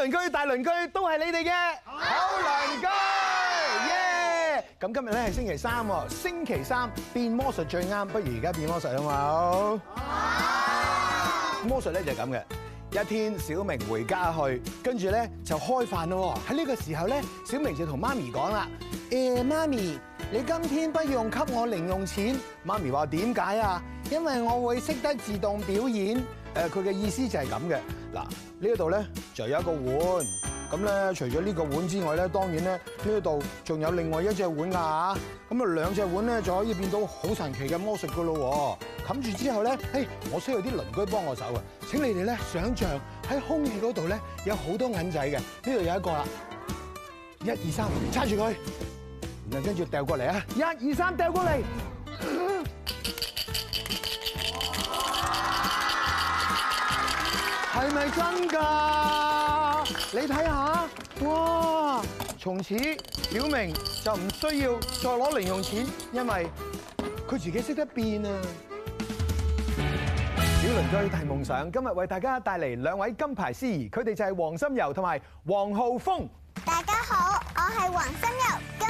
鄰居大鄰居都係你哋嘅好鄰居，咁、yeah. 今日咧係星期三，星期三變魔術最啱，不如而家變魔術好冇？魔術咧就係咁嘅，一天小明回家去，跟住咧就開飯咯喎。喺呢個時候咧，小明就同媽咪講啦：誒、eh, 媽咪，你今天不用給我零用錢。媽咪話點解啊？因為我會識得自動表演。誒佢嘅意思就係咁嘅。嗱，呢一度咧就有一個碗，咁咧除咗呢個碗之外咧，當然咧呢一度仲有另外一隻碗噶嚇，咁啊兩隻碗咧就可以變到好神奇嘅魔術噶咯喎，冚住之後咧，誒我需要啲鄰居幫我手啊！請你哋咧想像喺空氣嗰度咧有好多銀仔嘅，呢度有一個啦，一二三，揸住佢，然後跟住掉過嚟啊，一二三，掉過嚟。係真噶，你睇下，哇！從此小明就唔需要再攞零用錢，因為佢自己識得變啊！小鄰居大夢想，今日為大家帶嚟兩位金牌司儀，佢哋就係王心柔同埋王浩灃。大家好，我係王心柔。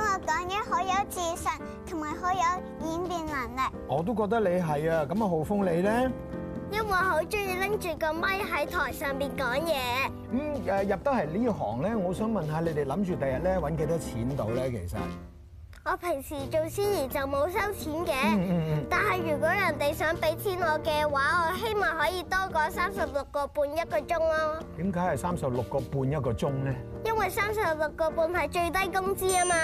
講嘢好有自信，同埋好有演變能力。我都覺得你係啊，咁阿浩灃你咧？因為好中意拎住個咪喺台上邊講嘢。咁、嗯、誒，入得係呢行咧，我想問下你哋諗住第日咧搵幾多錢到咧？其實。我平時做司儀就冇收錢嘅、嗯嗯，但係如果人哋想俾錢我嘅話，我希望可以多過三十六個半一個鐘咯。點解係三十六個半一個鐘咧？因為三十六個半係最低工資啊嘛。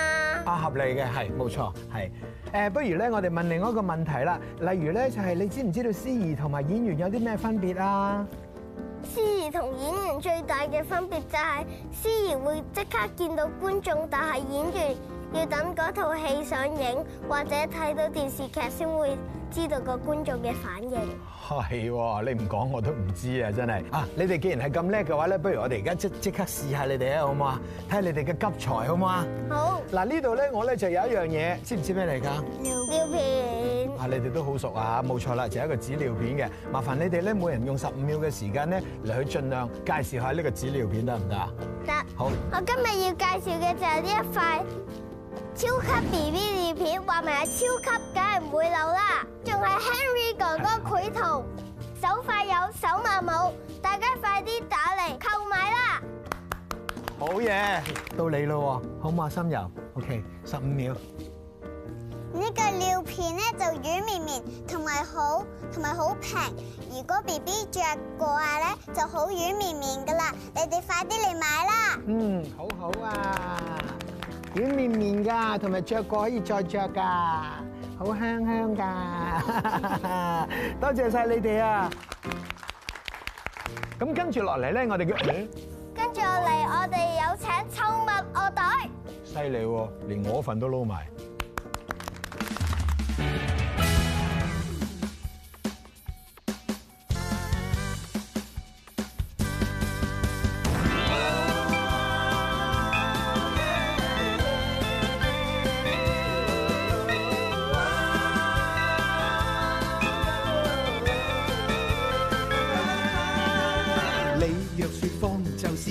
啊，合理嘅係冇錯，係。誒，不如咧，我哋問另外一個問題啦。例如咧，就係你知唔知道司儀同埋演員有啲咩分別啊？司儀同演員最大嘅分別就係司儀會即刻見到觀眾，但係演員，要等嗰套戲上映或者睇到電視劇先會知道個觀眾嘅反應。係，你唔講我都唔知啊！真係啊，你哋既然係咁叻嘅話咧，不如我哋而家即即刻試下你哋啊，好唔好啊？睇下你哋嘅急才好唔好啊？好。嗱，呢度咧，我咧就有一樣嘢，知唔知咩嚟噶？尿片。啊，你哋都好熟啊，冇錯啦，就係一個紙尿片嘅。麻煩你哋咧，每人用十五秒嘅時間咧嚟去盡量介紹下呢個紙尿片得唔得啊？得。好，我今日要介紹嘅就係呢一塊超級 B B 尿片，話明阿、啊、超級梗係唔會漏啦，仲係 Harry 哥哥繪圖，手快有手慢冇，大家快啲打嚟購買啦！好嘢，到你咯，好唔好阿心柔？OK，十五秒。這個、料呢個尿片咧就軟綿綿，同埋好，同埋好平。如果 B B 着過啊咧，就好軟綿綿噶啦，你哋快啲嚟買啦！嗯，好好啊。軟綿綿噶，同埋着過可以再着噶，好香香噶。多謝晒你哋啊！咁跟住落嚟咧，我哋嘅，跟住落嚟我哋有請寵物樂隊，犀利喎，連我份都撈埋。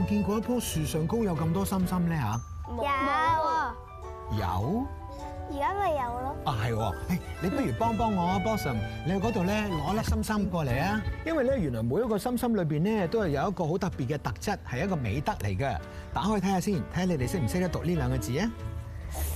我見過一棵樹上高有咁多心心咧吓，有，有，而家咪有咯。啊係、啊，你不如幫幫我啊 ，bosom，你去嗰度咧攞粒心心過嚟啊，因為咧原來每一個心心裏邊咧都係有一個好特別嘅特質，係一個美德嚟嘅。打開睇下先，睇下你哋識唔識得讀呢兩個字，就是、啊？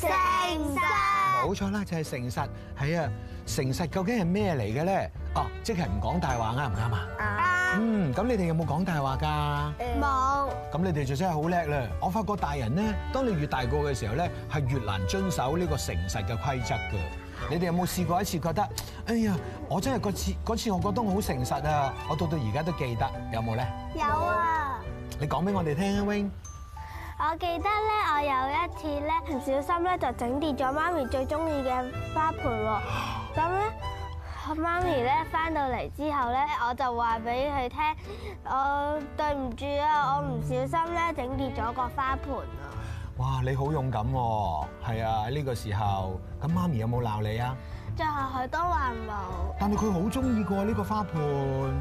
誠實。冇錯啦，就係誠實。係啊，誠實究竟係咩嚟嘅咧？哦、啊，即係唔講大話啱唔啱啊？啱。嗯，咁你哋有冇講大話噶？冇、嗯。咁你哋就真係好叻啦！我發覺大人咧，當你越大個嘅時候咧，係越難遵守呢個誠實嘅規則噶。你哋有冇試過一次覺得？哎呀，我真係嗰次嗰次，次我覺得我好誠實啊！我到到而家都記得，有冇咧？有啊。你講俾我哋聽啊，Wing。我記得咧，我有一次咧，唔小心咧，就整跌咗媽咪最中意嘅花盆喎。咁咧。我媽咪咧翻到嚟之後咧，我就話俾佢聽，我對唔住啊，我唔小心咧整跌咗個花盆啊！哇，你好勇敢喎！係啊，喺呢個時候，咁媽咪有冇鬧你啊？就係佢都話冇。但係佢好中意過呢個花盆。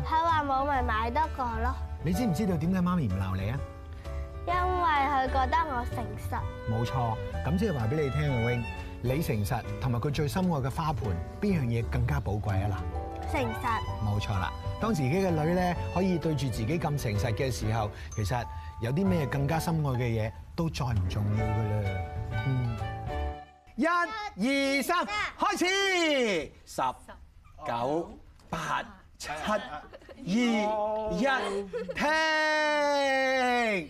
佢話冇咪買得過咯。你知唔知道點解媽咪唔鬧你啊？因為佢覺得我誠實。冇錯，咁即係話俾你聽啊，wing。你誠實同埋佢最深愛嘅花盆，邊樣嘢更加寶貴啊？嗱，誠實，冇錯啦。當自己嘅女咧可以對住自己咁誠實嘅時候，其實有啲咩更加深愛嘅嘢都再唔重要噶啦。嗯，一、二、三，開始，十九、八、七、二、一，聽。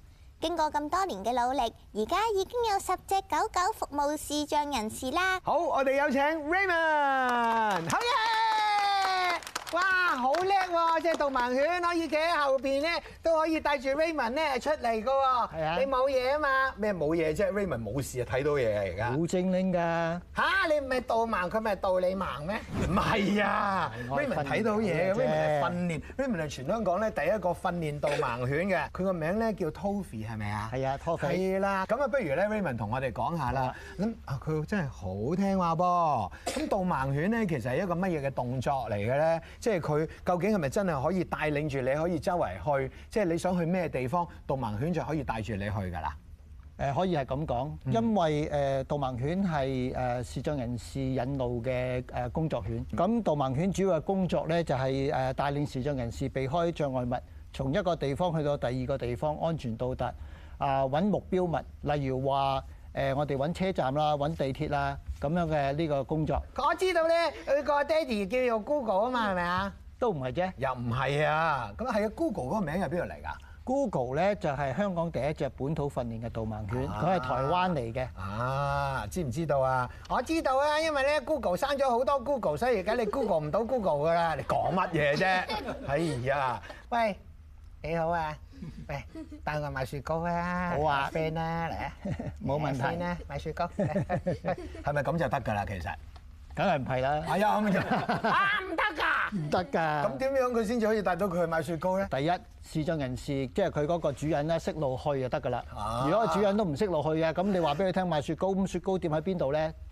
經過咁多年嘅努力，而家已經有十隻狗狗服務視障人士啦。好，我哋有請 Raymond，哇，好叻喎！即係導盲犬可以企喺後邊咧，都可以帶住 Raymond 咧出嚟㗎喎。係啊，你冇嘢啊嘛？咩冇嘢啫？Raymond 冇事啊，睇到嘢啊，而家好精靈㗎吓！你唔係導盲，佢咪導你盲咩？唔係啊，Raymond 睇到嘢咁嚟訓練。Raymond 係全香港咧第一個訓練導盲犬嘅。佢個名咧叫 Tuffy 係咪啊？係啊，Tuffy 係啦。咁啊，不如咧 Raymond 同我哋講下啦。咁啊，佢真係好聽話噃。咁導盲犬咧，其實係一個乜嘢嘅動作嚟嘅咧？即係佢究竟係咪真係可以帶領住你可以周圍去？即係你想去咩地方，導盲犬就可以帶住你去㗎啦。誒，可以係咁講，因為誒導盲犬係誒視障人士引路嘅誒工作犬。咁導盲犬主要嘅工作咧就係誒帶領視障人士避開障礙物，從一個地方去到第二個地方安全到達啊，揾目標物，例如話。誒，我哋揾車站啦，揾地鐵啦，咁樣嘅呢個工作。我知道咧，佢個爹哋叫做 Google 啊嘛，係咪啊？都唔係啫。又唔係啊？咁啊係啊！Google 嗰個名係邊度嚟㗎？Google 咧就係香港第一隻本土訓練嘅導盲犬，佢係台灣嚟嘅。啊，知唔知道啊？我知道啊，因為咧 Google 生咗好多 Google，所以而家你 Google 唔到 Google 㗎啦！你講乜嘢啫？哎呀！喂，你好啊。喂，帶我買雪糕啊！好啊 friend 啊，嚟啊，冇問題啊，買雪糕。係咪咁就得㗎啦？其實梗係唔係啦。係啊，唔得㗎，唔得㗎。咁點樣佢先至可以帶到佢去買雪糕咧？第一，視障人士即係佢嗰個主人咧識路去就得㗎啦。如果個主人都唔識路去嘅，咁你話俾佢聽買雪糕，咁雪糕店喺邊度咧？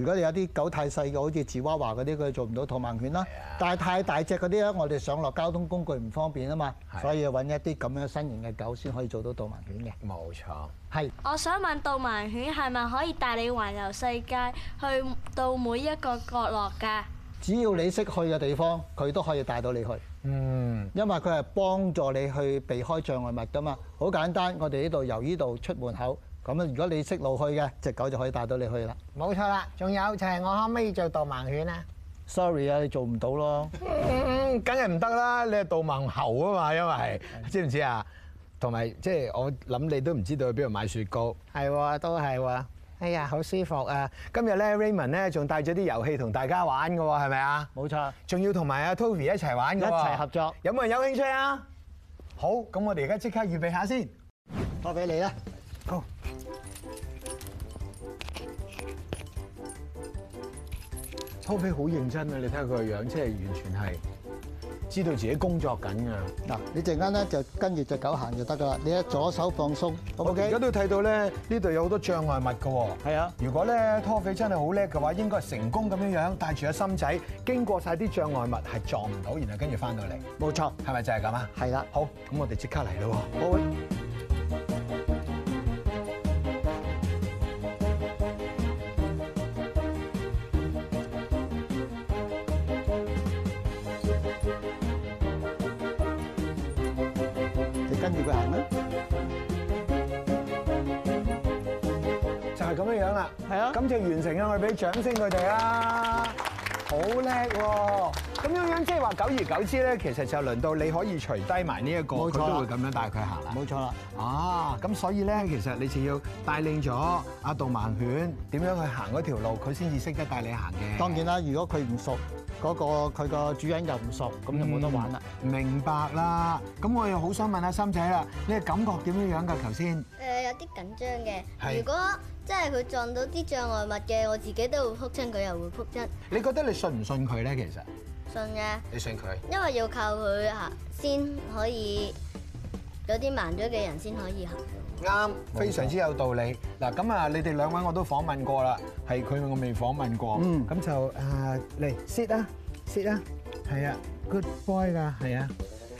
如果你有啲狗太細嘅，好似治娃娃嗰啲，佢做唔到導盲犬啦。是啊，但係太大隻嗰啲咧，我哋上落交通工具唔方便啊嘛。所以要搵一啲咁樣身形嘅狗先可以做到導盲犬嘅。冇錯，係。我想問導盲犬係咪可以帶你環遊世界，去到每一個角落㗎？只要你識去嘅地方，佢都可以帶到你去。嗯。因為佢係幫助你去避開障礙物㗎嘛。好簡單，我哋呢度由呢度出門口。咁啊！如果你識路去嘅，隻狗就可以帶到你去啦。冇錯啦，仲有就係我可唔可以做導盲犬啊。Sorry 啊，你做唔到咯。咁梗係唔得啦！你係導盲猴啊嘛，因為知唔知啊？同埋即係我諗你都唔知道去邊度買雪糕。係喎，都係喎。哎呀，好舒服啊！今日咧 Raymond 咧仲帶咗啲遊戲同大家玩㗎喎，係咪啊？冇錯。仲要同埋阿 Toby 一齊玩嘅喎，一齊合作。有冇人有興趣啊？好，咁我哋而家即刻預備下先，交俾你啦。好。拖匪好認真啊！你睇下佢個樣，即係完全係知道自己工作緊㗎。嗱，你陣間咧就跟住隻狗行就得㗎啦。你咧左手放鬆，OK。而家都睇到咧，呢度有好多障礙物㗎。係啊，如果咧拖匪真係好叻嘅話，應該係成功咁樣樣，帶住個心仔經過晒啲障礙物係撞唔到，然後跟住返到嚟。冇錯，係咪就係咁啊？係啦，好，咁我哋即刻嚟啦喎。好。俾掌聲佢哋啦，好叻喎！咁樣樣即係話久而久之咧，其實就輪到你可以除低埋呢一個，佢都會咁樣帶佢行啦。冇錯啦，啊！咁所以咧，其實你就要帶領咗阿導盲犬點樣去行嗰條路，佢先至識得帶你行嘅。當然啦，如果佢唔熟嗰個，佢個主人又唔熟，咁就冇得玩啦。明白啦。咁我又好想問阿心仔啦，你感覺點樣樣㗎？頭先誒有啲緊張嘅，如果。即係佢撞到啲障礙物嘅，我自己都會撲親，佢又會撲親。你覺得你信唔信佢咧？其實信嘅。你信佢？因為要靠佢嚇，先可以有啲盲咗嘅人先可以行。啱，非常之有道理。嗱，咁啊，你哋兩位我都訪問過啦，係佢我未訪問過。嗯。咁就啊嚟 sit 啦，sit 啦，係啊，good boy 㗎，係啊。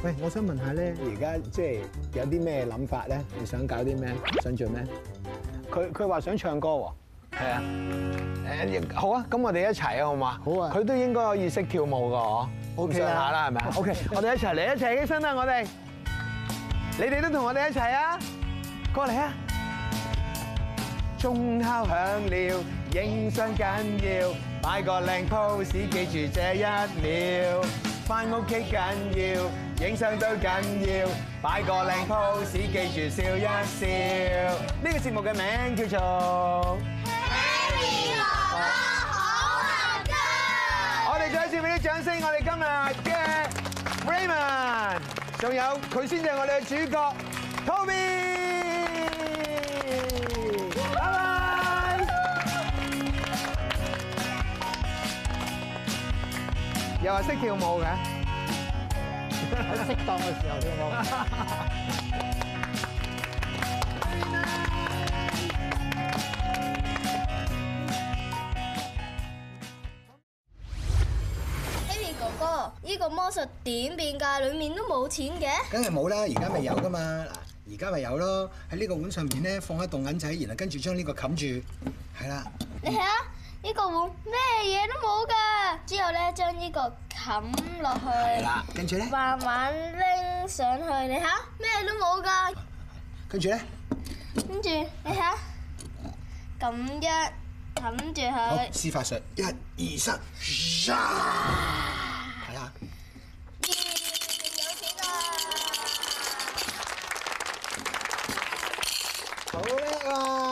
喂，我想問下咧，而家即係有啲咩諗法咧？你想搞啲咩？想做咩？佢佢話想唱歌喎，係啊，誒好啊，咁我哋一齊啊好嘛，好啊，佢都應該可以識跳舞噶嗬，好嘅下啦係咪啊，OK，我哋一齊嚟一齊起身啦我哋，你哋都同我哋一齊啊，過嚟啊，鐘敲響了，影相緊要，擺個靚 pose，記住這一秒，返屋企緊要。影相都緊要，擺個靚 pose，記住笑一笑。呢個節目嘅名叫做《Harry 樂樂好萬家》，我哋再次俾啲掌聲，我哋今日嘅 Raymond 仲有佢先至係我哋嘅主角 Toby。拜拜。又話識跳舞嘅？喺適當嘅時候添喎。HARRY 哥哥，呢個魔術點變㗎？裡面都冇錢嘅。梗係冇啦，而家咪有㗎嘛。嗱，而家咪有咯。喺呢個碗上面咧，放一戙銀仔，然後跟住將呢個冚住，係啦。你睇下。呢、這個碗咩嘢都冇噶，之後咧將呢個冚落去，係啦，跟住咧，慢慢拎上去你，你睇下咩都冇噶，跟住咧，跟住你睇下咁樣，冚住佢，施法術一、二、三，唰，係有錢啦，好